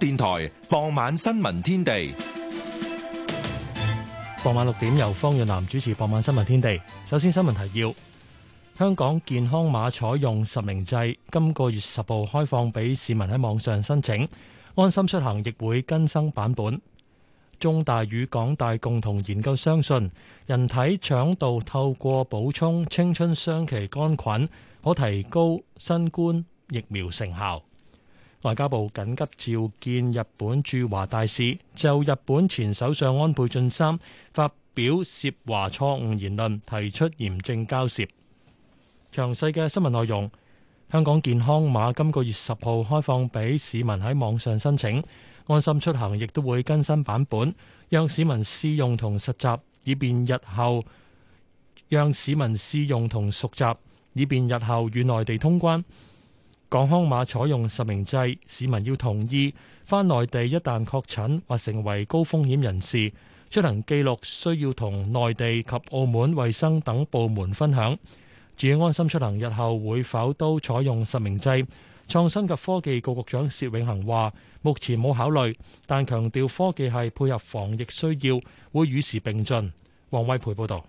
電台傍晚新聞天地，傍晚六點由方潤南主持。傍晚新聞天地，首先新聞提要：香港健康碼採用實名制，今個月十號開放俾市民喺網上申請。安心出行亦會更新版本。中大與港大共同研究，相信人體腸道透過補充青春雙歧杆菌，可提高新冠疫苗成效。外交部緊急召見日本駐華大使，就日本前首相安倍晉三發表涉華錯誤言論，提出嚴正交涉。詳細嘅新聞內容。香港健康碼今個月十號開放畀市民喺網上申請，安心出行亦都會更新版本，讓市民試用同實習，以便日後讓市民試用同熟習，以便日後與內地通關。港康碼採用實名制，市民要同意返內地。一旦確診或成為高風險人士，出行記錄需要同內地及澳門衛生等部門分享。至於安心出行日後會否都採用實名制，創新及科技局局長薛永恒話：目前冇考慮，但強調科技係配合防疫需要，會與時並進。王偉培報導。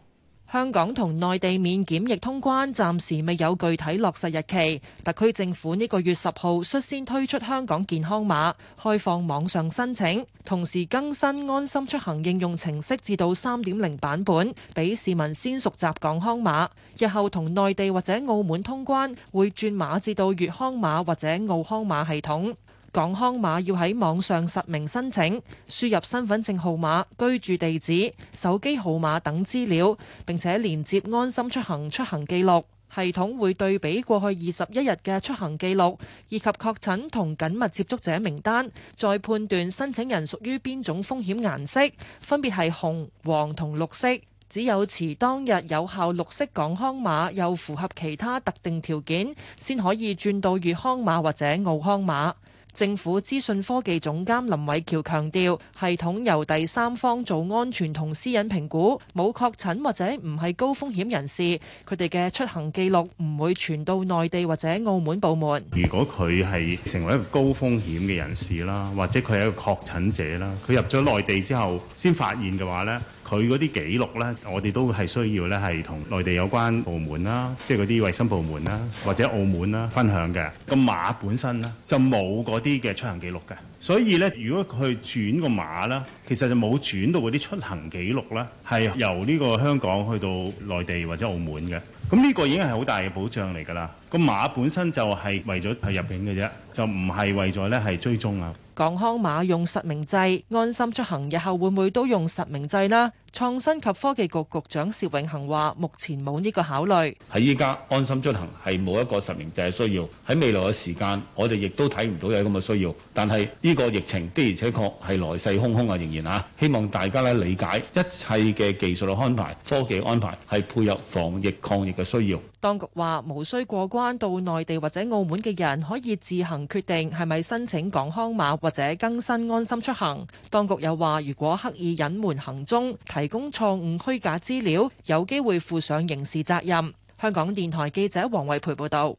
香港同內地免檢疫通關暫時未有具體落實日期。特區政府呢個月十號率先推出香港健康碼，開放網上申請，同時更新安心出行應用程式至到三點零版本，俾市民先熟習港康碼。日後同內地或者澳門通關，會轉碼至到粵康碼或者澳康碼系統。港康碼要喺網上實名申請，輸入身份證號碼、居住地址、手機號碼等資料，並且連接安心出行出行記錄。系統會對比過去二十一日嘅出行記錄以及確診同緊密接觸者名單，再判斷申請人屬於邊種風險顏色，分別係紅、黃同綠色。只有持當日有效綠色港康碼，又符合其他特定條件，先可以轉到粵康碼或者澳康碼。政府資訊科技總監林偉喬強調，系統由第三方做安全同私隱評估，冇確診或者唔係高風險人士，佢哋嘅出行記錄唔會傳到內地或者澳門部門。如果佢係成為一個高風險嘅人士啦，或者佢係一個確診者啦，佢入咗內地之後先發現嘅話呢。佢嗰啲記錄呢，我哋都係需要呢，係同內地有關部門啦，即係嗰啲衞生部門啦，或者澳門啦分享嘅。個碼本身呢，就冇嗰啲嘅出行記錄嘅。所以呢，如果佢轉個碼啦，其實就冇轉到嗰啲出行記錄啦，係由呢個香港去到內地或者澳門嘅。咁呢個已經係好大嘅保障嚟㗎啦。個碼本身就係為咗係入境嘅啫，就唔係為咗呢係追蹤啊。港康碼用實名制，安心出行，日後會唔會都用實名制呢？創新及科技局局長薛永恆話：目前冇呢個考慮。喺依家安心出行係冇一個實名制嘅需要，喺未來嘅時間，我哋亦都睇唔到有咁嘅需要。但係呢個疫情的而且確係來勢洶洶啊，仍然啊，希望大家呢理解一切嘅技術嘅安排，科技安排係配合防疫抗疫嘅需要。當局話無需過關到內地或者澳門嘅人可以自行決定係咪申請港康碼或者更新安心出行。當局又話，如果刻意隱瞞行蹤提供錯誤虛假資料，有機會負上刑事責任。香港電台記者黃惠培報道，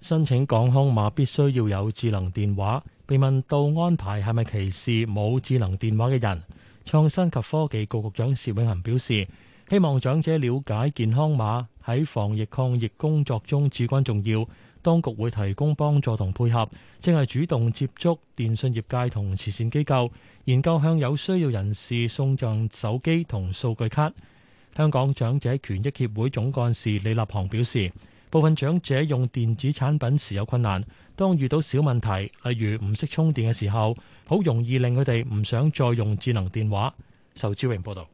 申請港康碼必須要有智能電話。被問到安排係咪歧視冇智能電話嘅人，創新及科技局局長薛永恆表示，希望長者了解健康碼喺防疫抗疫工作中至關重要。當局會提供幫助同配合，正係主動接觸電信業界同慈善機構。研究向有需要人士送贈手機同數據卡。香港長者權益協會總幹事李立行表示，部分長者用電子產品時有困難，當遇到小問題，例如唔識充電嘅時候，好容易令佢哋唔想再用智能電話。仇志榮報道。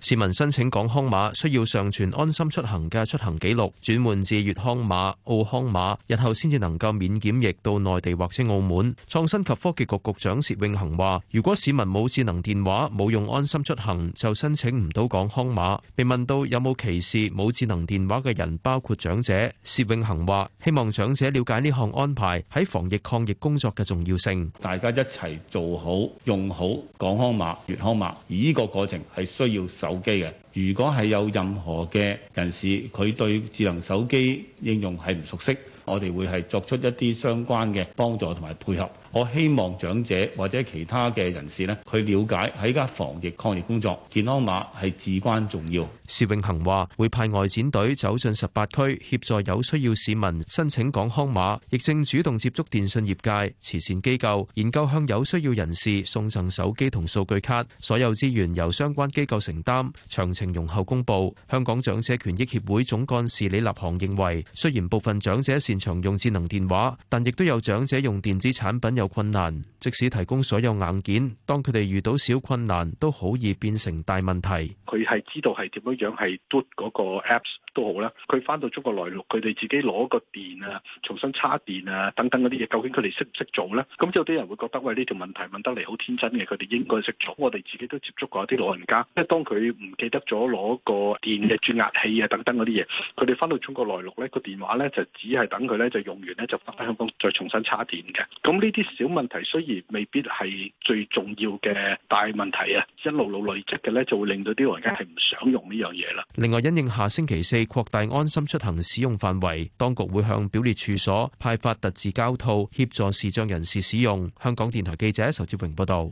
市民申請港康碼需要上傳安心出行嘅出行記錄，轉換至粵康碼、澳康碼，日後先至能夠免檢疫到內地或者澳門。創新及科技局局長薛永恒話：如果市民冇智能電話冇用安心出行，就申請唔到港康碼。被問到有冇歧視冇智能電話嘅人，包括長者，薛永恒話：希望長者了解呢項安排喺防疫抗疫工作嘅重要性，大家一齊做好用好港康碼、粵康碼，而呢個過程係需要。手機嘅，如果係有任何嘅人士，佢對智能手機應用係唔熟悉，我哋會係作出一啲相關嘅幫助同埋配合。我希望長者或者其他嘅人士呢，佢了解喺家防疫抗疫工作，健康碼係至關重要。薛永恆話：會派外展隊走進十八區，協助有需要市民申請港康碼，亦正主動接觸電信業界、慈善機構，研究向有需要人士送贈手機同數據卡。所有資源由相關機構承擔，詳情容後公佈。香港長者權益協會總幹事李立行認為，雖然部分長者擅長用智能電話，但亦都有長者用電子產品，有困難，即使提供所有硬件，當佢哋遇到小困難，都好易變成大問題。佢係知道係點樣樣，係 do 嗰個 apps 都好啦。佢翻到中國內陸，佢哋自己攞個電啊，重新插電啊，等等嗰啲嘢，究竟佢哋識唔識做呢？咁即係有啲人會覺得喂呢條問題問得嚟好天真嘅，佢哋應該識做。我哋自己都接觸過一啲老人家，即係當佢唔記得咗攞個電嘅轉壓器啊，等等嗰啲嘢，佢哋翻到中國內陸呢個電話呢，就只係等佢呢，就用完呢，就翻翻香港再重新插電嘅。咁呢啲。小問題雖然未必係最重要嘅大問題啊，一路路累積嘅呢，就會令到啲老人家係唔想用呢樣嘢啦。另外，因應下星期四擴大安心出行使用範圍，當局會向表列處所派發特製膠套，協助視障人士使用。香港電台記者仇志榮報道。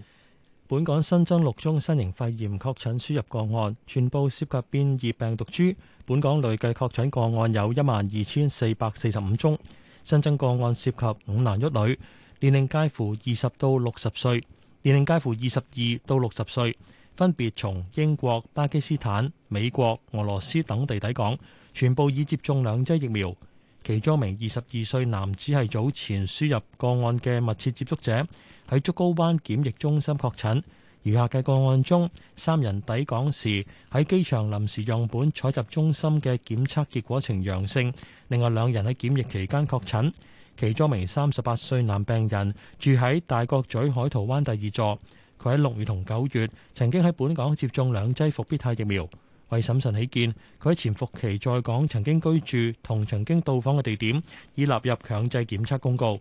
本港新增六宗新型肺炎確診輸入個案，全部涉及變異病毒株。本港累計確診個案有一萬二千四百四十五宗，新增個案涉及五男一女。年齡介乎二十到六十歲，年齡介乎二十二到六十歲，分別從英國、巴基斯坦、美國、俄羅斯等地抵港，全部已接種兩劑疫苗。其中一名二十二歲男子係早前輸入個案嘅密切接觸者，喺竹篙灣檢疫中心確診。餘下嘅個案中，三人抵港時喺機場臨時樣本採集中心嘅檢測結果呈陽性，另外兩人喺檢疫期間確診。其中一名三十八歲男病人住喺大角咀海桃灣第二座，佢喺六月同九月曾經喺本港接種兩劑復必泰疫苗。為審慎起見，佢喺潛伏期在港曾經居住同曾經到訪嘅地點已納入強制檢測公告。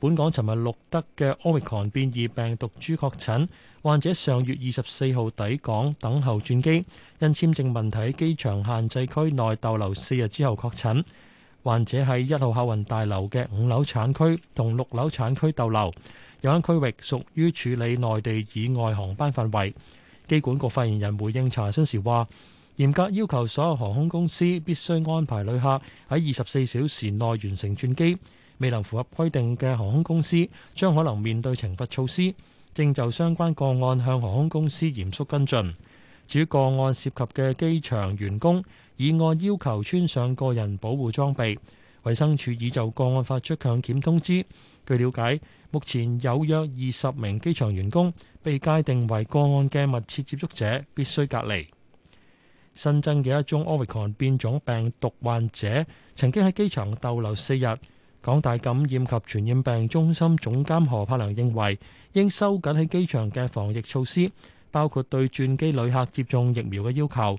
本港尋日錄得嘅 Omicron 變異病毒株確診患者，上月二十四號抵港等候轉機，因簽證問題喺機場限制區內逗留四日之後確診。患者喺一號客運大樓嘅五樓產區同六樓產區逗留，有關區域屬於處理內地以外航班範圍。機管局發言人回應查詢時話，嚴格要求所有航空公司必須安排旅客喺二十四小時內完成轉機，未能符合規定嘅航空公司將可能面對懲罰措施。正就相關個案向航空公司嚴肅跟進。至於個案涉及嘅機場員工，已按要求穿上個人保護裝備。衛生署已就個案發出強檢通知。據瞭解，目前有約二十名機場員工被界定為個案嘅密切接觸者，必須隔離。新增嘅一宗 Omicron 變種病毒患者曾經喺機場逗留四日。港大感染及傳染病中心總監何柏良認為，應收緊喺機場嘅防疫措施，包括對轉機旅客接種疫苗嘅要求。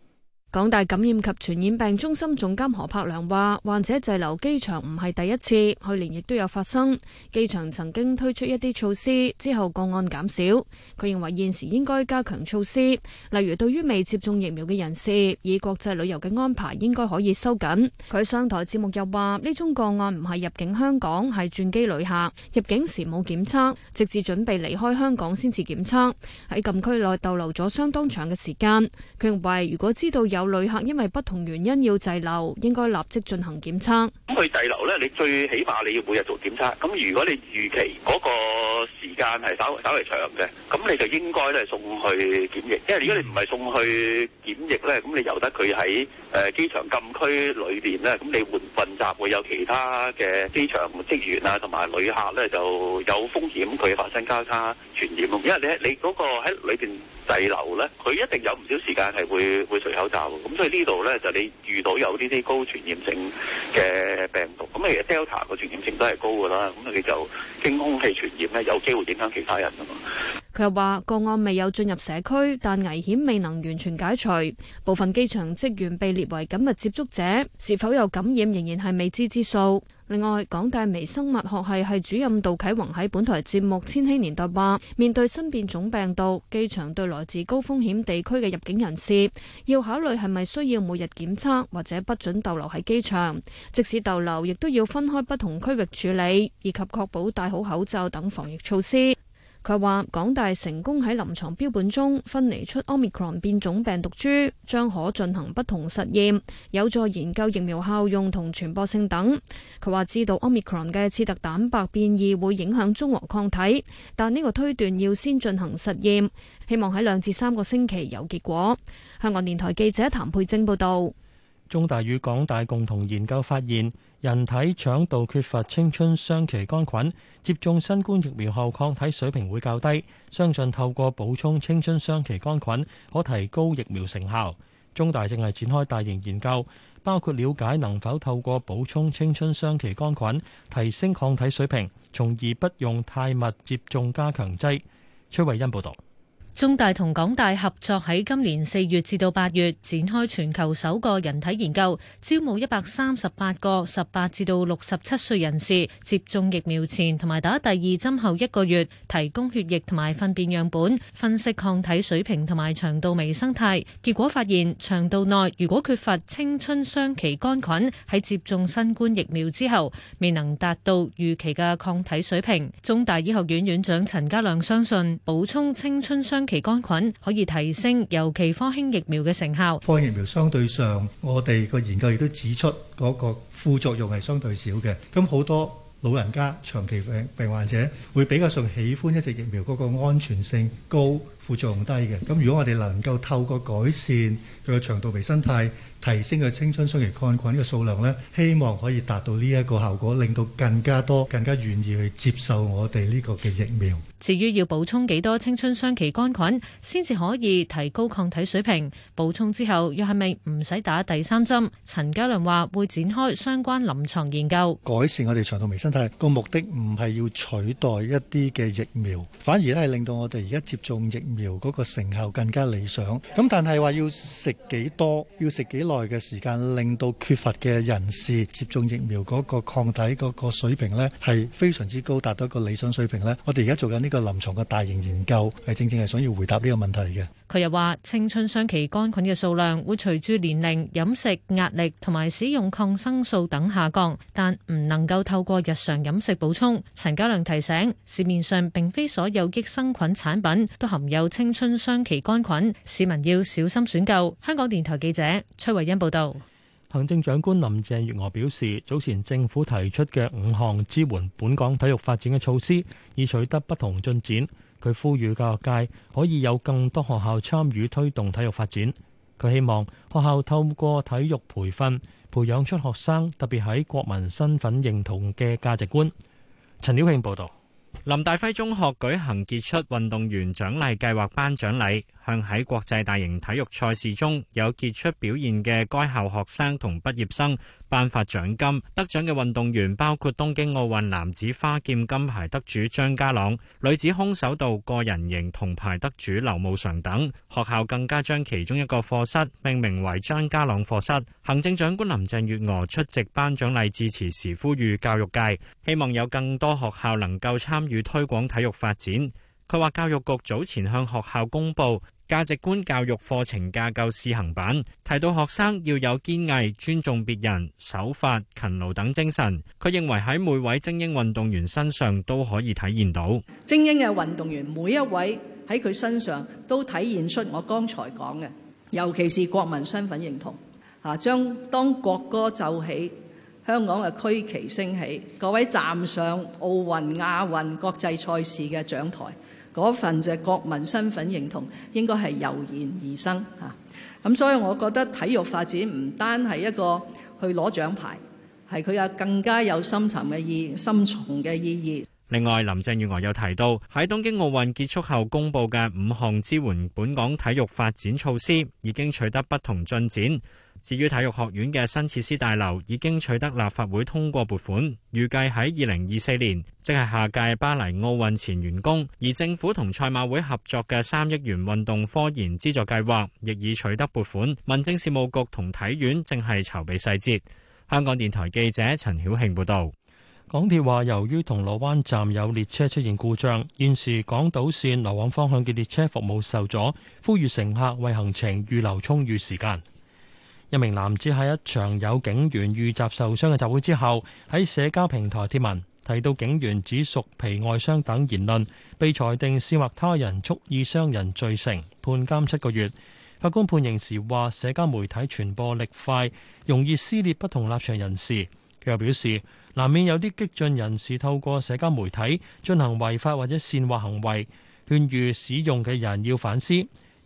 港大感染及傳染病中心總監何柏良話，患者滯留機場唔係第一次，去年亦都有發生。機場曾經推出一啲措施，之後個案減少。佢認為現時應該加強措施，例如對於未接種疫苗嘅人士，以國際旅遊嘅安排應該可以收緊。佢上台節目又話，呢宗個案唔係入境香港，係轉機旅客入境時冇檢測，直至準備離開香港先至檢測，喺禁區內逗留咗相當長嘅時間，佢認為如果知道有，有旅客因為不同原因要滯留，應該立即進行檢測。咁佢滯留呢，你最起碼你要每日做檢測。咁如果你預期嗰個時間係稍微稍為長嘅，咁你就應該咧送去檢疫。因為如果你唔係送去檢疫呢，咁你由得佢喺誒機場禁區裏邊呢，咁你混混雜會有其他嘅機場職員啊，同埋旅客呢就有風險佢發生交叉傳染。因為咧你嗰個喺裏邊滯留呢，佢一定有唔少時間係會會除口罩。咁所以呢度咧就是你遇到有呢啲高傳染性嘅病毒，咁你 Delta 個傳染性都係高㗎啦，咁你就經空氣傳染咧有機會影響其他人啊嘛。佢又話個案未有進入社區，但危險未能完全解除，部分機場職員被列為緊密接觸者，是否有感染仍然係未知之數。另外，港大微生物學系系主任杜啟宏喺本台節目《千禧年代》話：面對新變種病毒，機場對來自高風險地區嘅入境人士，要考慮係咪需要每日檢測，或者不准逗留喺機場。即使逗留，亦都要分開不同區域處理，以及確保戴好口罩等防疫措施。佢話：港大成功喺臨床標本中分離出 Omicron 變種病毒株，將可進行不同實驗，有助研究疫苗效用同傳播性等。佢話知道 Omicron 嘅刺突蛋白變異會影響中和抗體，但呢個推斷要先進行實驗，希望喺兩至三個星期有結果。香港電台記者譚佩晶報導，中大與港大共同研究發現。人體腸道缺乏青春雙歧桿菌，接種新冠疫苗後抗體水平會較低。相信透過補充青春雙歧桿菌，可提高疫苗成效。中大正係展開大型研究，包括了解能否透過補充青春雙歧桿菌提升抗體水平，從而不用太密接種加強劑。崔慧恩報道。中大同港大合作喺今年四月至到八月展開全球首個人體研究，招募一百三十八個十八至到六十七歲人士接種疫苗前，同埋打第二針後一個月提供血液同埋糞便樣本，分析抗體水平同埋腸道微生態。結果發現腸道內如果缺乏青春雙歧桿菌，喺接種新冠疫苗之後未能達到預期嘅抗體水平。中大醫學院院長陳家亮相信補充青春雙，其桿菌可以提升尤其科興疫苗嘅成效。科興疫苗相對上，我哋個研究亦都指出嗰個副作用係相對少嘅。咁好多老人家長期病病患者會比較上喜歡一隻疫苗嗰個安全性高、副作用低嘅。咁如果我哋能夠透過改善。佢嘅腸道微生態提升佢青春雙歧桿菌嘅數量呢，希望可以達到呢一個效果，令到更加多、更加願意去接受我哋呢個嘅疫苗。至於要補充幾多青春雙歧桿菌先至可以提高抗體水平？補充之後又係咪唔使打第三針？陳家亮話會展開相關臨床研究，改善我哋腸道微生態。個目的唔係要取代一啲嘅疫苗，反而咧係令到我哋而家接種疫苗嗰個成效更加理想。咁但係話要食幾多，多要食幾耐嘅時間，令到缺乏嘅人士接種疫苗嗰個抗體嗰個水平呢，係非常之高，達到一個理想水平呢，我哋而家做緊呢個臨床嘅大型研究，係正正係想要回答呢個問題嘅。佢又話：青春雙歧桿菌嘅數量會隨住年齡、飲食、壓力同埋使用抗生素等下降，但唔能夠透過日常飲食補充。陳家亮提醒：市面上並非所有益生菌產品都含有青春雙歧桿菌，市民要小心選購。香港電台記者崔慧欣報道，行政長官林鄭月娥表示，早前政府提出嘅五項支援本港體育發展嘅措施，已取得不同進展。佢呼籲教育界可以有更多學校參與推動體育發展。佢希望學校透過體育培訓，培養出學生特別喺國民身份認同嘅價值觀。陳曉慶報道。林大輝中學舉行傑出運動員獎勵計劃頒獎禮，向喺國際大型體育賽事中有傑出表現嘅該校學生同畢業生。頒發獎金，得獎嘅運動員包括東京奧運男子花劍金牌得主張家朗、女子空手道個人型銅牌得主劉慕裳等。學校更加將其中一個課室命名為張家朗課室。行政長官林鄭月娥出席頒獎禮致辭時呼籲教育界，希望有更多學校能夠參與推廣體育發展。佢話教育局早前向學校公布。價值觀教育課程架構試行版提到學生要有堅毅、尊重別人、守法、勤勞等精神。佢認為喺每位精英運動員身上都可以體現到。精英嘅運動員每一位喺佢身上都體現出我剛才講嘅，尤其是國民身份認同。嚇，將當國歌奏起，香港嘅區旗升起，各位站上奧運、亞運國際賽事嘅獎台。嗰份就國民身份認同應該係油然而生，咁所以我覺得體育發展唔單係一個去攞獎牌，係佢有更加有深沉嘅意、深重嘅意義。另外，林鄭月娥又提到，喺東京奧運結束後公佈嘅五項支援本港體育發展措施，已經取得不同進展。至於體育學院嘅新設施大樓已經取得立法會通過撥款，預計喺二零二四年，即係下屆巴黎奧運前完工。而政府同賽馬會合作嘅三億元運動科研資助計劃亦已取得撥款，民政事務局同體院正係籌備細節。香港電台記者陳曉慶報道：「港鐵話，由於銅鑼灣站有列車出現故障，現時港島線來往方向嘅列車服務受阻，呼籲乘客為行程預留充裕時間。一名男子喺一場有警員遇襲受傷嘅集會之後，喺社交平台貼文，提到警員只屬皮外傷等言論，被裁定煽惑他人蓄意傷人罪成，判監七個月。法官判刑時話：社交媒體傳播力快，容易撕裂不同立場人士。佢又表示，難免有啲激進人士透過社交媒體進行違法或者煽惑行為，勸喻使用嘅人要反思。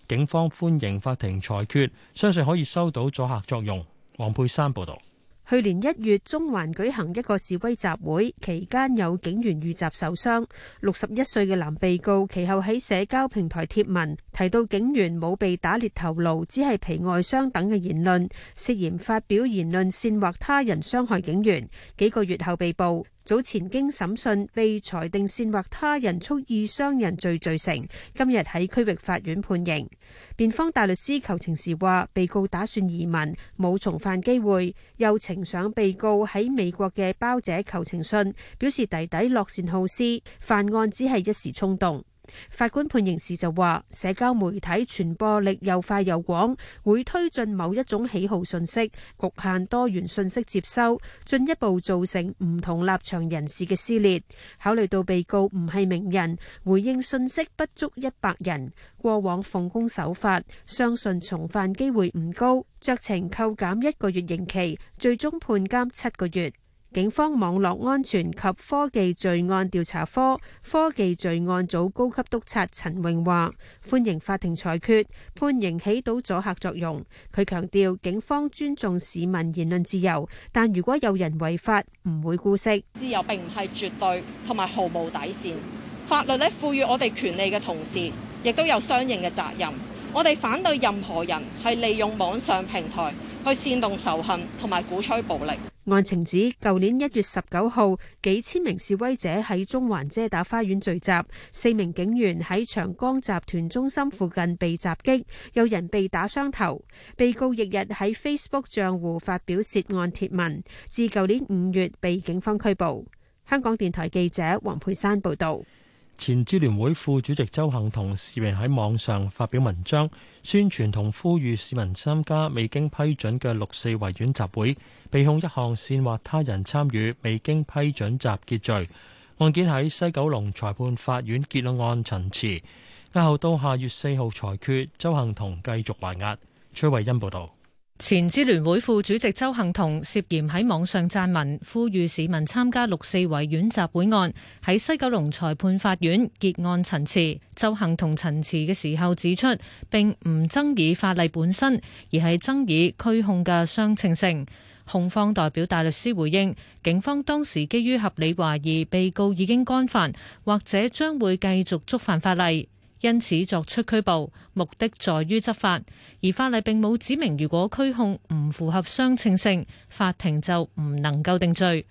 警方歡迎法庭裁決，相信可以收到阻嚇作用。王佩珊報導。去年一月中環舉行一個示威集會，期間有警員遇襲受傷。六十一歲嘅男被告，其後喺社交平台貼文，提到警員冇被打裂頭顱，只係皮外傷等嘅言論，涉嫌發表言論煽惑他人傷害警員。幾個月後被捕。早前經審訊被裁定煽惑他人蓄意傷人罪罪成，今日喺區域法院判刑。辯方大律師求情時話，被告打算移民，冇重犯機會，又呈上被告喺美國嘅胞姐求情信，表示弟弟樂善好施，犯案只係一時衝動。法官判刑時就話：社交媒體傳播力又快又廣，會推進某一種喜好信息，局限多元信息接收，進一步造成唔同立場人士嘅撕裂。考慮到被告唔係名人，回應信息不足一百人，過往奉公守法，相信重犯機會唔高，酌情扣減一個月刑期，最終判監七個月。警方網絡安全及科技罪案調查科科技罪案組高級督察陳穎華歡迎法庭裁決，判刑起到阻嚇作用。佢強調警方尊重市民言論自由，但如果有人違法，唔會姑息。自由並唔係絕對同埋毫無底線。法律咧賦予我哋權利嘅同時，亦都有相應嘅責任。我哋反對任何人係利用網上平台去煽動仇恨同埋鼓吹暴力。案情指，舊年一月十九號，幾千名示威者喺中環遮打花園聚集，四名警員喺長江集團中心附近被襲擊，有人被打傷頭。被告翌日喺 Facebook 賬戶發表涉案帖文，至舊年五月被警方拘捕。香港電台記者黃佩珊報道。前支聯會副主席周幸彤，市民喺網上發表文章，宣傳同呼籲市民參加未經批准嘅六四維園集會，被控一項煽惑他人參與未經批准集結罪。案件喺西九龍裁判法院結案陳詞，押後到下月四號裁決。周幸彤繼續還押。崔慧欣報道。前支聯會副主席周幸彤涉嫌喺網上撰文，呼籲市民參加六四維園集會案，喺西九龍裁判法院結案陳詞。周幸彤陳詞嘅時候指出，並唔爭議法例本身，而係爭議拘控嘅相稱性。控方代表大律師回應，警方當時基於合理懷疑，被告已經干犯或者將會繼續觸犯法例。.因此作出拘捕，目的在於執法，而法例並冇指明，如果拘控唔符合相稱性，法庭就唔能夠定罪。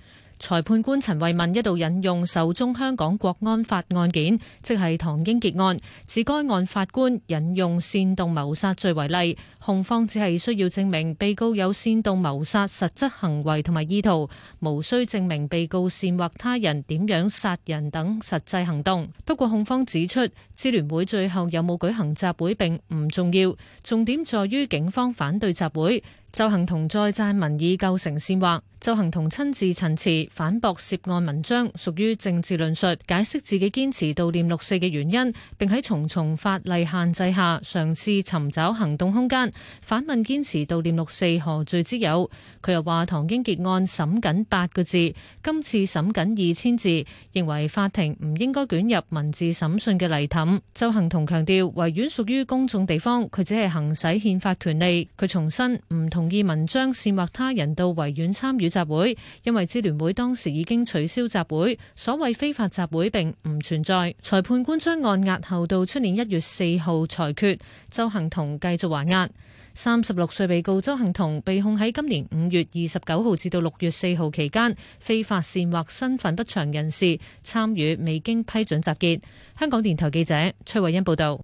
裁判官陳慧敏一度引用首宗香港國安法案件，即係唐英傑案，指該案法官引用煽動謀殺罪為例，控方只係需要證明被告有煽動謀殺實質行為同埋意圖，無需證明被告煽惑他人點樣殺人等實際行動。不過控方指出，支聯會最後有冇舉行集會並唔重要，重點在於警方反對集會。鄒幸彤再讚民意構成線，話鄒幸彤親自陳詞反駁涉案文章屬於政治論述，解釋自己堅持悼念六四嘅原因，並喺重重法例限制下嘗試尋找行動空間，反問堅持悼念六四何罪之有？佢又話唐英傑案審緊八個字，今次審緊二千字，認為法庭唔應該捲入文字審訊嘅泥濘。鄒幸彤強調維園屬於公眾地方，佢只係行使憲法權利。佢重申唔同同意文章煽惑他人到維園參與集會，因為支聯會當時已經取消集會，所謂非法集會並唔存在。裁判官將案押後到出年一月四號裁決，鄒幸彤繼續還押。三十六歲被告鄒幸彤被控喺今年五月二十九號至到六月四號期間非法煽惑身份不詳人士參與未經批准集結。香港電台記者崔慧欣報道。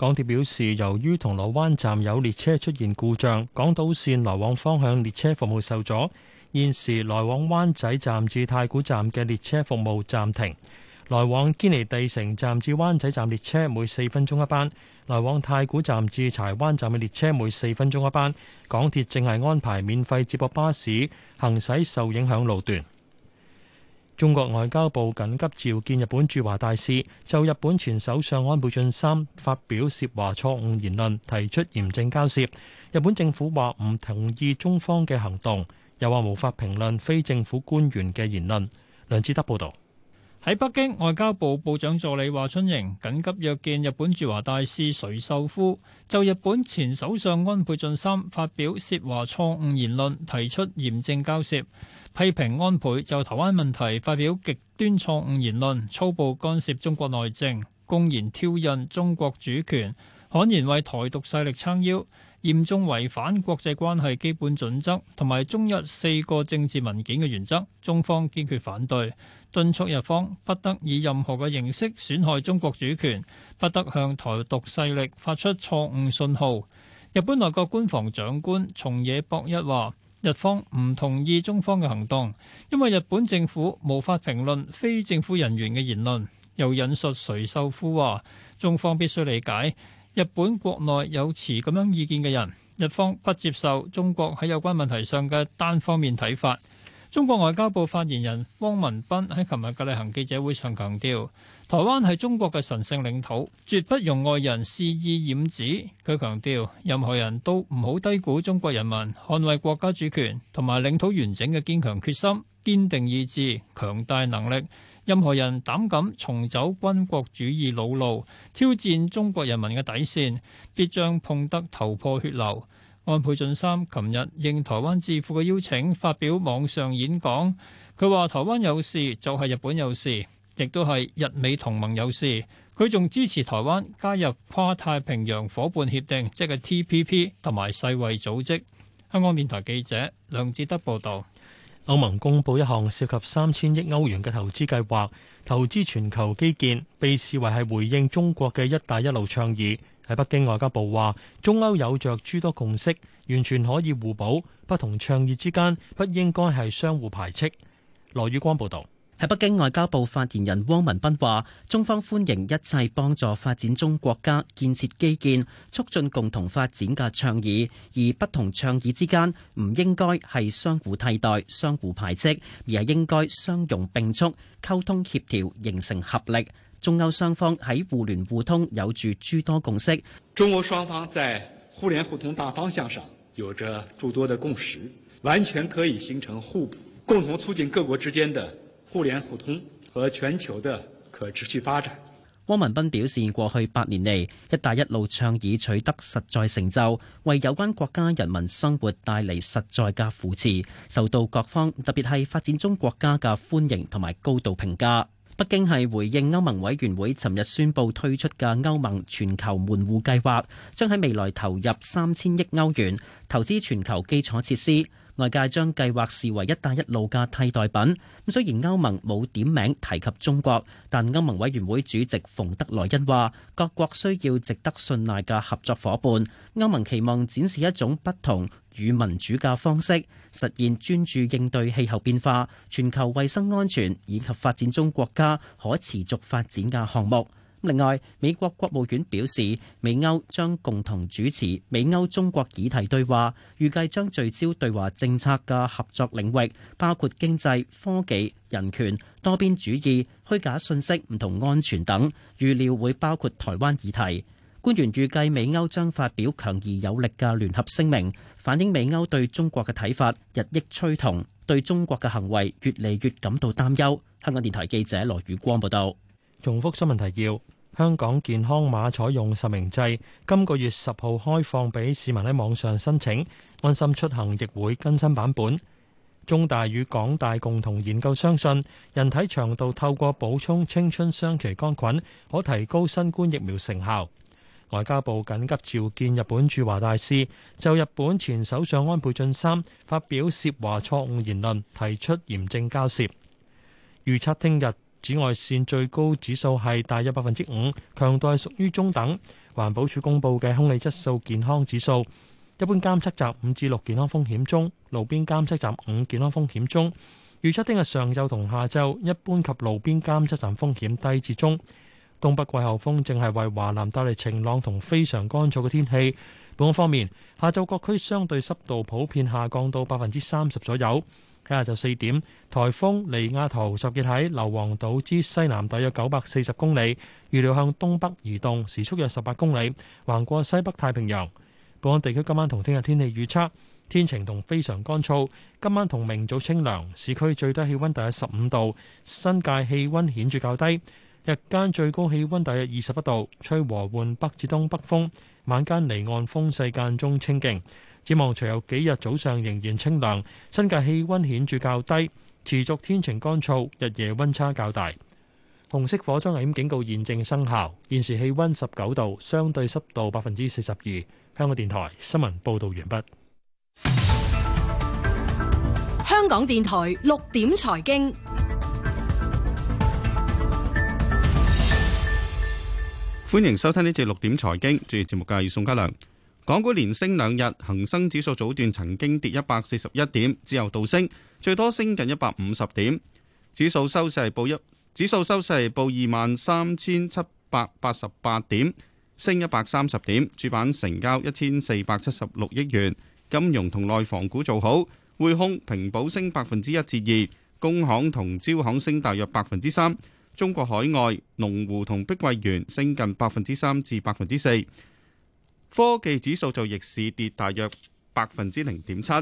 港鐵表示，由於銅鑼灣站有列車出現故障，港島線來往方向列車服務受阻。現時來往灣仔站至太古站嘅列車服務暫停，來往堅尼地城站至灣仔站列車每四分鐘一班，來往太古站至柴灣站嘅列車每四分鐘一班。港鐵正係安排免費接駁巴士行駛受影響路段。中國外交部緊急召見日本駐華大使，就日本前首相安倍晉三發表涉華錯誤言論提出嚴正交涉。日本政府話唔同意中方嘅行動，又話無法評論非政府官員嘅言論。梁志德報道。喺北京，外交部部長助理華春瑩緊急約見日本駐華大使垂秀夫，就日本前首相安倍晉三發表涉華錯誤言論提出嚴正交涉。批評安倍就台灣問題發表極端錯誤言論，粗暴干涉中國內政，公然挑釁中國主權，悍然為台獨勢力撐腰，嚴重違反國際關係基本準則同埋中日四個政治文件嘅原則，中方堅決反對，敦促日方不得以任何嘅形式損害中國主權，不得向台獨勢力發出錯誤信號。日本內閣官房長官松野博一話。日方唔同意中方嘅行動，因為日本政府無法評論非政府人員嘅言論，又引述垂秀夫話：中方必須理解日本國內有持咁樣意見嘅人，日方不接受中國喺有關問題上嘅單方面睇法。中國外交部發言人汪文斌喺琴日嘅例行記者會上強調，台灣係中國嘅神聖領土，絕不容外人肆意染指。佢強調，任何人都唔好低估中國人民捍衛國家主權同埋領土完整嘅堅強決心、堅定意志、強大能力。任何人膽敢重走軍國主義老路，挑戰中國人民嘅底線，必將碰得頭破血流。安倍晉三琴日應台灣智庫嘅邀請發表網上演講，佢話台灣有事就係日本有事，亦都係日美同盟有事。佢仲支持台灣加入跨太平洋夥伴協定，即係 TPP，同埋世衛組織。香港電台記者梁志德報道。歐盟公布一項涉及三千億歐元嘅投資計劃，投資全球基建，被視為係回應中國嘅「一帶一路」倡議。喺北京外交部話，中歐有着諸多共識，完全可以互補。不同倡議之間不應該係相互排斥。羅宇光報道。喺北京外交部發言人汪文斌話，中方歡迎一切幫助發展中國家建設基建、促進共同發展嘅倡議，而不同倡議之間唔應該係相互替代、相互排斥，而係應該相容並蓄、溝通協調，形成合力。中歐雙方喺互聯互通有住諸多共識。中歐雙方在互聯互通大方向上有着諸多的共識，完全可以形成互補，共同促進各國之間的互聯互通和全球的可持續發展。汪文斌表示，過去八年嚟，一帶一路倡議取得實在成就，為有關國家人民生活帶嚟實在嘅扶持，受到各方，特別係發展中國家嘅歡迎同埋高度評價。北京係回應歐盟委員會尋日宣布推出嘅歐盟全球門戶計劃，將喺未來投入三千億歐元投資全球基礎設施。外界將計劃視為一帶一路嘅替代品。咁雖然歐盟冇點名提及中國，但歐盟委員會主席馮德萊恩話，各國需要值得信賴嘅合作伙伴。歐盟期望展示一種不同與民主嘅方式。實現專注應對氣候變化、全球衛生安全以及發展中國家可持續發展嘅項目。另外，美國國務院表示，美歐將共同主持美歐中國議題對話，預計將聚焦對華政策嘅合作領域，包括經濟、科技、人權、多邊主義、虛假信息、唔同安全等，預料會包括台灣議題。官員預計美歐將發表強而有力嘅聯合聲明。反映美歐對中國嘅睇法日益趨同，對中國嘅行為越嚟越感到擔憂。香港電台記者羅宇光報導。重複新聞提要：香港健康碼採用實名制，今個月十號開放俾市民喺網上申請。安心出行亦會更新版本。中大與港大共同研究，相信人體腸道透過補充青春雙歧桿菌，可提高新冠疫苗成效。外交部緊急召見日本駐華大使，就日本前首相安倍晉三發表涉華錯誤言論提出嚴正交涉。預測聽日紫外線最高指數係大約百分之五，強度係屬於中等。環保署公布嘅空氣質素健康指數，一般監測站五至六健康風險中，路邊監測站五健康風險中。預測聽日上晝同下晝一般及路邊監測站風險低至中。東北季候風正係為華南帶嚟晴朗同非常乾燥嘅天氣。本港方面，下晝各區相對濕度普遍下降到百分之三十左右。喺下晝四點，颱風尼亞圖集結喺硫磺島之西南大約九百四十公里，預料向東北移動，時速約十八公里，橫過西北太平洋。本港地區今晚同聽日天氣預測天晴同非常乾燥，今晚同明早清涼，市區最低氣溫大約十五度，新界氣溫顯著較低。日間最高氣溫大約二十一度，吹和緩北至東北風，晚間離岸風勢間中清勁。展望隨後幾日早上仍然清涼，新界氣溫顯著較低，持續天晴乾燥，日夜溫差較大。紅色火災危險警告現正生效，現時氣溫十九度，相對濕度百分之四十二。香港電台新聞報道完畢。香港電台六點財經。歡迎收聽呢節六點財經，主持節目嘅係宋嘉良。港股連升兩日，恒生指數早段曾經跌一百四十一點，之後倒升，最多升近一百五十點，指數收市報一，指數收市報二萬三千七百八十八點，升一百三十點，主板成交一千四百七十六億元，金融同內房股做好，匯控平保升百分之一至二，2, 工行同招行升大約百分之三。中國海外、龍湖同碧桂園升近百分之三至百分之四，科技指數就逆市跌大約百分之零點七。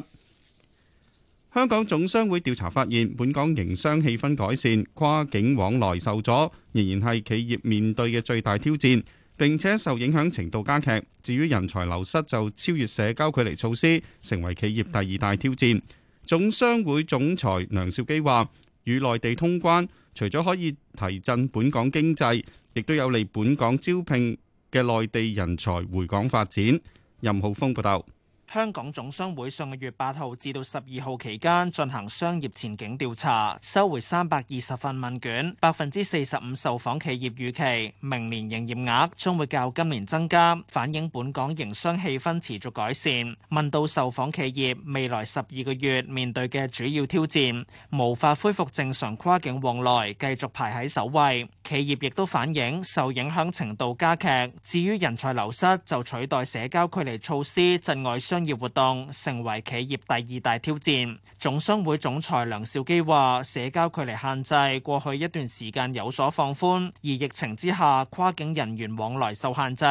香港總商會調查發現，本港營商氣氛改善，跨境往來受阻仍然係企業面對嘅最大挑戰，並且受影響程度加劇。至於人才流失，就超越社交距離措施，成為企業第二大挑戰。總商會總裁梁兆基話。與內地通關，除咗可以提振本港經濟，亦都有利本港招聘嘅內地人才回港發展。任浩峰報道。香港總商會上個月八號至到十二號期間進行商業前景調查，收回三百二十份問卷，百分之四十五受訪企業預期明年營業額將會較今年增加，反映本港營商氣氛持續改善。問到受訪企業未來十二個月面對嘅主要挑戰，無法恢復正常跨境往來繼續排喺首位，企業亦都反映受影響程度加劇。至於人才流失，就取代社交距離措施，境外商。商業活動成為企業第二大挑戰。總商會總裁梁兆基話，社交距離限制過去一段時間有所放寬，而疫情之下跨境人員往來受限制，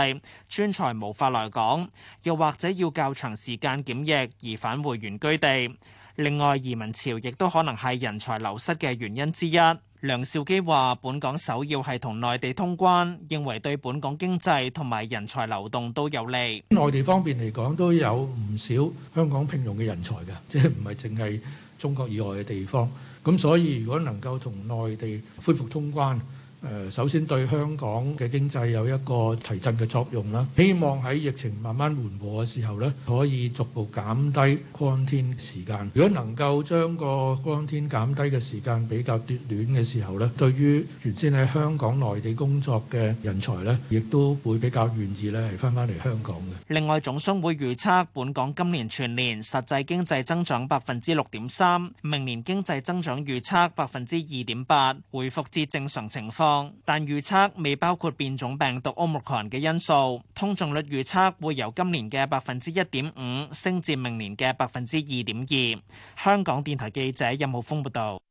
專才無法來港，又或者要較長時間檢疫而返回原居地。另外，移民潮亦都可能係人才流失嘅原因之一。梁兆基話：本港首要係同內地通關，認為對本港經濟同埋人才流動都有利。內地方面嚟講，都有唔少香港聘用嘅人才㗎，即係唔係淨係中國以外嘅地方。咁所以如果能夠同內地恢復通關，誒，首先對香港嘅經濟有一個提振嘅作用啦。希望喺疫情慢慢緩和嘅時候咧，可以逐步減低 quarantine 時間。如果能夠將個 quarantine 減低嘅時間比較短嘅時候咧，對於原先喺香港內地工作嘅人才咧，亦都會比較願意咧係翻翻嚟香港嘅。另外，總商會預測本港今年全年實際經濟增長百分之六點三，明年經濟增長預測百分之二點八，回復至正常情況。但預測未包括變種病毒 o 奧密克戎嘅因素，通脹率預測會由今年嘅百分之一點五升至明年嘅百分之二點二。香港電台記者任浩峰報導。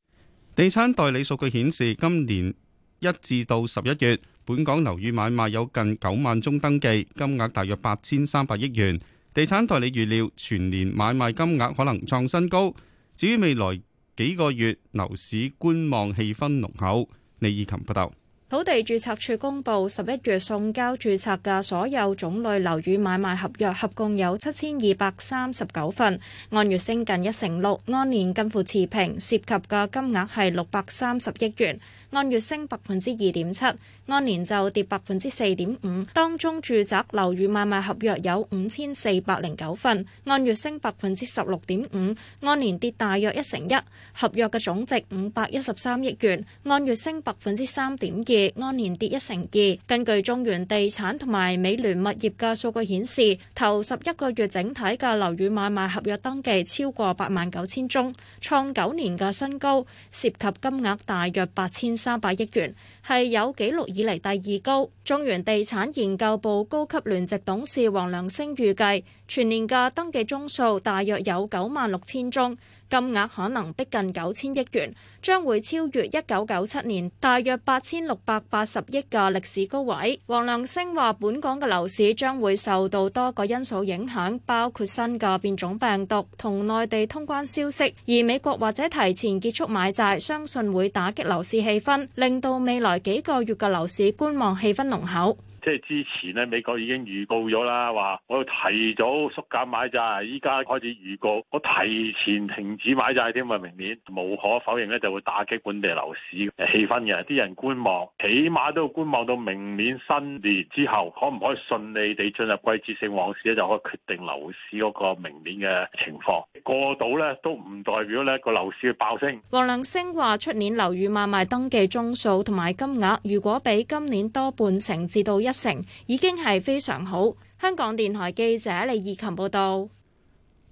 地產代理數據顯示，今年一至到十一月，本港樓宇買賣有近九萬宗登記，金額大約八千三百億元。地產代理預料全年買賣金額可能創新高。至於未來幾個月，樓市觀望氣氛濃厚。李以琴報道，土地註冊處公布十一月送交註冊嘅所有種類樓宇買賣合約，合共有七千二百三十九份，按月升近一成六，按年近乎持平，涉及嘅金額係六百三十億元。按月升百分之二點七，按年就跌百分之四點五。當中住宅樓宇買賣合約有五千四百零九份，按月升百分之十六點五，按年跌大約一成一。合約嘅總值五百一十三億元，按月升百分之三點二，按年跌一成二。根據中原地產同埋美聯物業嘅數據顯示，頭十一個月整體嘅樓宇買賣合約登記超過八萬九千宗，創九年嘅新高，涉及金額大約八千三百億元係有紀錄以嚟第二高。中原地產研究部高級聯席董事黃良昇預計，全年嘅登記宗數大約有九萬六千宗。金額可能逼近九千億元，將會超越一九九七年大約八千六百八十億嘅歷史高位。黃良升話，本港嘅樓市將會受到多個因素影響，包括新嘅變種病毒同內地通關消息，而美國或者提前結束買債，相信會打擊樓市氣氛，令到未來幾個月嘅樓市觀望氣氛濃厚。即係之前咧，美國已經預告咗啦，話我要提早縮減買債，依家開始預告，我提前停止買債添啊！明年無可否認咧，就會打擊本地樓市嘅氣氛嘅。啲人觀望，起碼都要觀望到明年新年之後，可唔可以順利地進入季節性旺季咧，就可以決定樓市嗰個明年嘅情況。過到咧都唔代表咧個樓市嘅爆升。黃良昇話：出年樓宇買賣登記宗數同埋金額，如果比今年多半成至到一成已經係非常好。香港電台記者李義琴報道，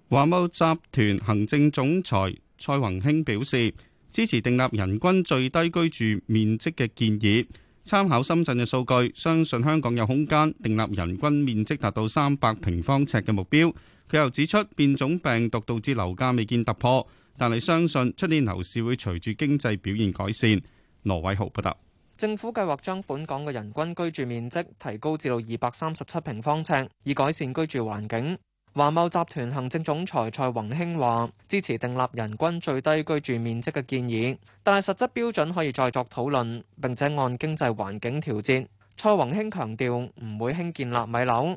華懋集團行政總裁蔡宏興表示支持訂立人均最低居住面積嘅建議，參考深圳嘅數據，相信香港有空間訂立人均面積達到三百平方尺嘅目標。佢又指出，變種病毒導致樓價未見突破，但係相信出年樓市會隨住經濟表現改善。羅偉豪報道。政府計劃將本港嘅人均居住面積提高至到二百三十七平方尺，以改善居住環境。華懋集團行政總裁蔡宏興話：支持訂立人均最低居住面積嘅建議，但係實質標準可以再作討論，並且按經濟環境調節。蔡宏興強調唔會興建納米樓。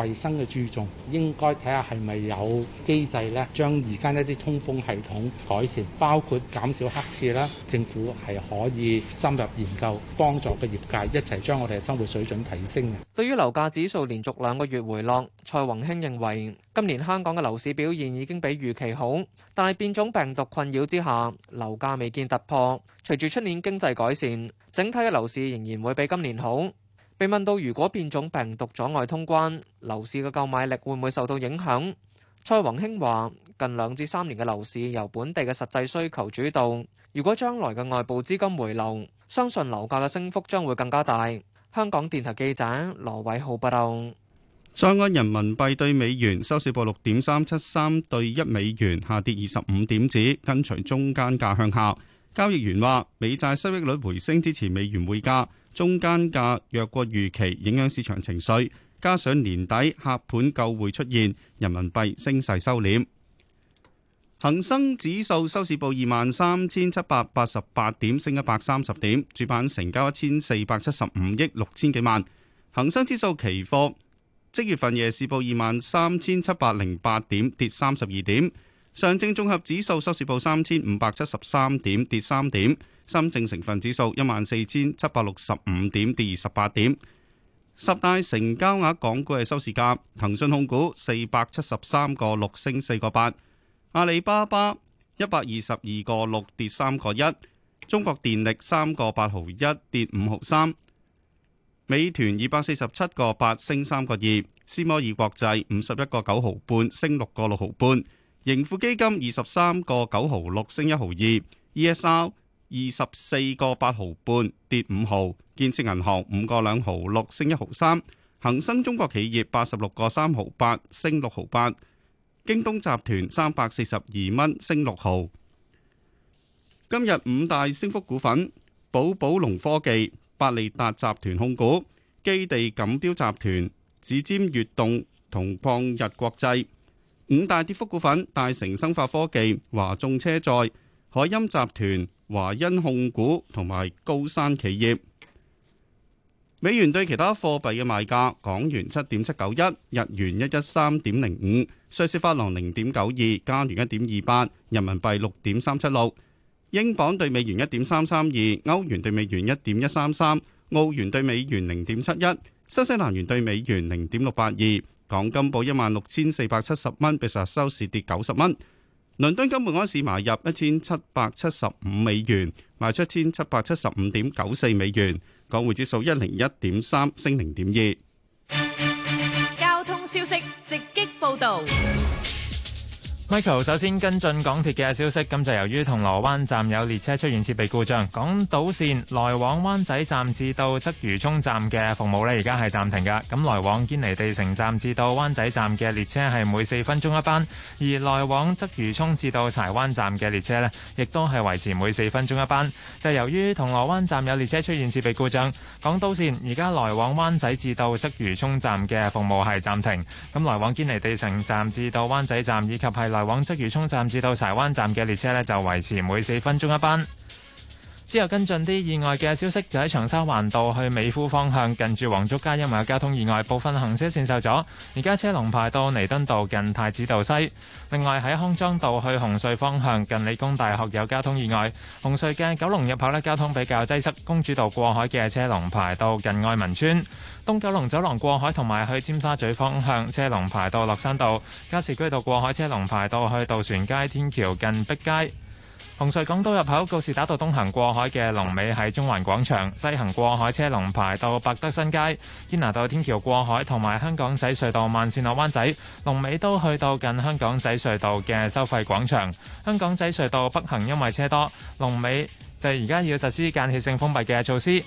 衞生嘅注重，應該睇下係咪有機制咧，將而家一啲通風系統改善，包括減少黑刺啦。政府係可以深入研究，幫助嘅業界一齊將我哋嘅生活水準提升。對於樓價指數連續兩個月回落，蔡宏興認為今年香港嘅樓市表現已經比預期好，但係變種病毒困擾之下，樓價未見突破。隨住出年經濟改善，整體嘅樓市仍然會比今年好。被問到如果變種病毒阻礙通關，樓市嘅購買力會唔會受到影響？蔡宏興話：近兩至三年嘅樓市由本地嘅實際需求主導，如果將來嘅外部資金回流，相信樓價嘅升幅將會更加大。香港電台記者羅偉浩報道。在岸人民幣對美元收市報六點三七三對一美元，下跌二十五點子，跟隨中間價向下。交易員話：美債收益率回升之前，美元會加支持美元匯價。中間價弱過預期，影響市場情緒，加上年底客盤救會出現，人民幣升勢收斂。恒生指數收市報二萬三千七百八十八點，升一百三十點，主板成交一千四百七十五億六千幾萬。恒生指數期貨即月份夜市報二萬三千七百零八點，跌三十二點。上證綜合指數收市報三千五百七十三點，跌三點；深證成分指數一萬四千七百六十五點，跌二十八點。十大成交額港股嘅收市價：騰訊控股四百七十三個六升四個八，阿里巴巴一百二十二個六跌三個一，中國電力三個八毫一跌五毫三，美團二百四十七個八升三個二，斯摩爾國際五十一個九毫半升六個六毫半。盈富基金二十三個九毫六升一毫二，ESR 二十四個八毫半跌五毫，建設銀行五個兩毫六升一毫三，恒生中國企業八十六個三毫八升六毫八，京東集團三百四十二蚊升六毫。今日五大升幅股份：寶寶龍科技、百利達集團控股、基地錦標集團、指尖躍動同曠日國際。五大跌幅股份：大成生化科技、華眾車載、海鑫集團、華欣控股同埋高山企業。美元對其他貨幣嘅賣價：港元七點七九一，日元一一三點零五，瑞士法郎零點九二，加元一點二八，人民幣六點三七六，英鎊兌美元一點三三二，歐元兌美元一點一三三，澳元兌美元零點七一，新西蘭元兌美元零點六八二。港金報一萬六千四百七十蚊，比上日收市跌九十蚊。倫敦金每盎司買入一千七百七十五美元，賣出千七百七十五點九四美元。港匯指數一零一點三，升零點二。交通消息，直擊報道。Michael 首先跟進港鐵嘅消息，咁就由於銅鑼灣站有列車出現設備故障，港島線來往灣仔站至到鰂魚涌站嘅服務呢，而家係暫停嘅。咁來往堅尼地城站至到灣仔站嘅列車係每四分鐘一班，而來往鰂魚涌至到柴灣站嘅列車呢，亦都係維持每四分鐘一班。就由於銅鑼灣站有列車出現設備故障，港島線而家來往灣仔至到鰂魚涌站嘅服務係暫停。咁來往堅尼地城站至到灣仔站以及係往鰂魚涌站至到柴灣站嘅列車咧，就維持每四分鐘一班。之後跟進啲意外嘅消息，就喺長沙灣道去美孚方向，近住黃竹街，因為有交通意外，部分行車線受阻，而家車龍排到彌敦道近太子道西。另外喺康莊道去紅隧方向，近理工大學有交通意外，紅隧嘅九龍入口咧交通比較擠塞，公主道過海嘅車龍排到近愛民村，東九龍走廊過海同埋去尖沙咀方向車龍排到落山道，加士居道過海車龍排到去渡船街天橋近碧街。紅隧港島入口告士打道東行過海嘅龍尾喺中環廣場，西行過海車龍排到百德新街，堅拿道天橋過海同埋香港仔隧道慢線落灣仔龍尾都去到近香港仔隧道嘅收費廣場，香港仔隧道北行因為車多，龍尾就而家要實施間歇性封閉嘅措施。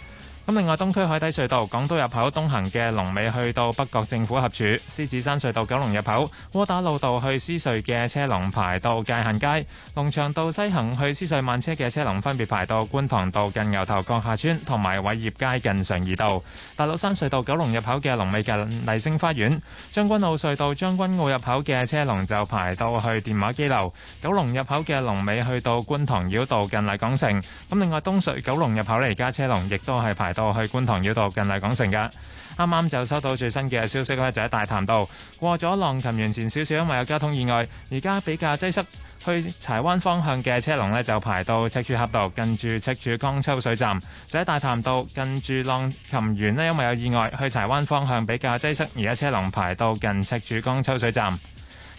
咁另外，東區海底隧道港島入口東行嘅龍尾去到北角政府合署；獅子山隧道九龍入口窩打老道去獅隧嘅車龍排到界限街；龍翔道西行去獅隧慢車嘅車龍分別排到觀塘道近牛頭角下村同埋偉業街近常怡道；大老山隧道九龍入口嘅龍尾近麗晶花園；將軍澳隧道將軍澳入口嘅車龍就排到去電話機樓；九龍入口嘅龍尾去到觀塘繞道近麗港城。咁另外，東隧九龍入口而家車龍亦都係排。到去觀塘繞道近麗港城嘅，啱啱就收到最新嘅消息咧，就喺大潭道過咗浪琴園前少少，因為有交通意外，而家比較擠塞。去柴灣方向嘅車龍呢，就排到赤柱峽道近住赤柱江抽水站，就喺大潭道近住浪琴園呢，因為有意外，去柴灣方向比較擠塞，而家車龍排到近赤柱江抽水站。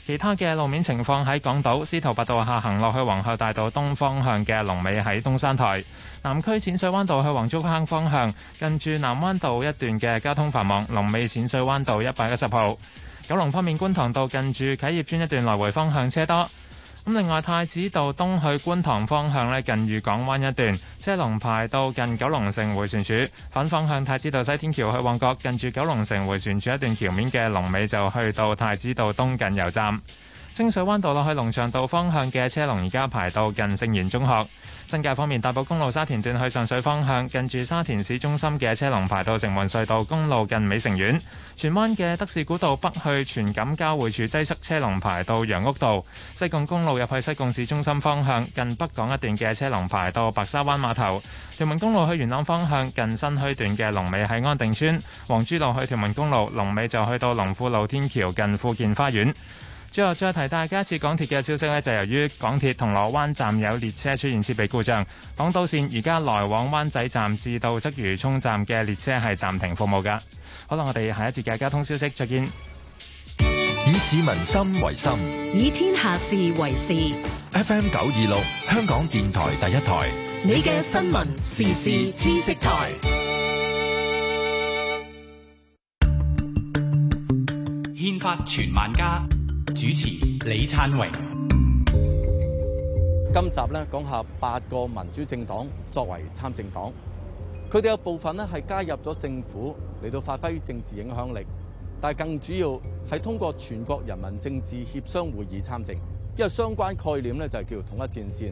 其他嘅路面情況喺港島，司徒拔道下行落去皇后大道東方向嘅龍尾喺東山台；南區淺水灣道去黃竹坑方向，近住南灣道一段嘅交通繁忙，龍尾淺水灣道一百一十號。九龍方面，觀塘道近住啟業邨一段來回方向車多。咁另外太子道東去觀塘方向咧，近愉港灣一段車龍排到近九龍城回旋處；反方向太子道西天橋去旺角，近住九龍城回旋處一段橋面嘅龍尾就去到太子道東近油站。清水灣道落去龍翔道方向嘅車龍而家排到近聖賢中學。新界方面，大埔公路沙田段去上水方向，近住沙田市中心嘅車龍排到城門隧道公路近美城苑。荃灣嘅德士古道北去荃錦交匯處擠塞，車龍排到洋屋道。西貢公路入去西貢市中心方向，近北港一段嘅車龍排到白沙灣碼頭。屯門公路去元朗方向，近新墟段嘅龍尾喺安定村。黃珠路去屯門公路龍尾就去到龍富路天橋近富健花園。最後再提大家一次港鐵嘅消息呢，就由於港鐵銅鑼灣站有列車出現設備故障，港島線而家來往灣仔站至到鰂魚涌站嘅列車係暫停服務㗎。好啦，我哋下一節嘅交通消息，再見。以市民心為心，以天下事為事。FM 九二六，香港電台第一台，你嘅新聞時事知識台，憲法全萬家。主持李燦榮，今集呢講下八個民主政黨作為參政黨，佢哋有部分呢係加入咗政府嚟到發揮政治影響力，但係更主要係通過全國人民政治協商會議參政，因為相關概念呢，就係叫統一戰線，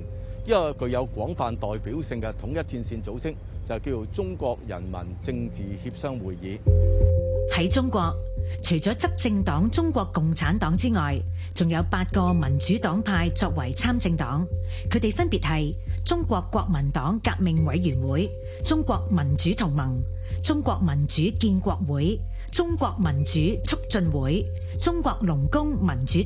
一個具有廣泛代表性嘅統一戰線組織就係叫中國人民政治協商會議喺中國。除咗執政黨中國共產黨之外，仲有八個民主黨派作為參政黨，佢哋分別係中國國民黨革命委員會、中國民主同盟、中國民主建國會、中國民主促進會、中國農工民主。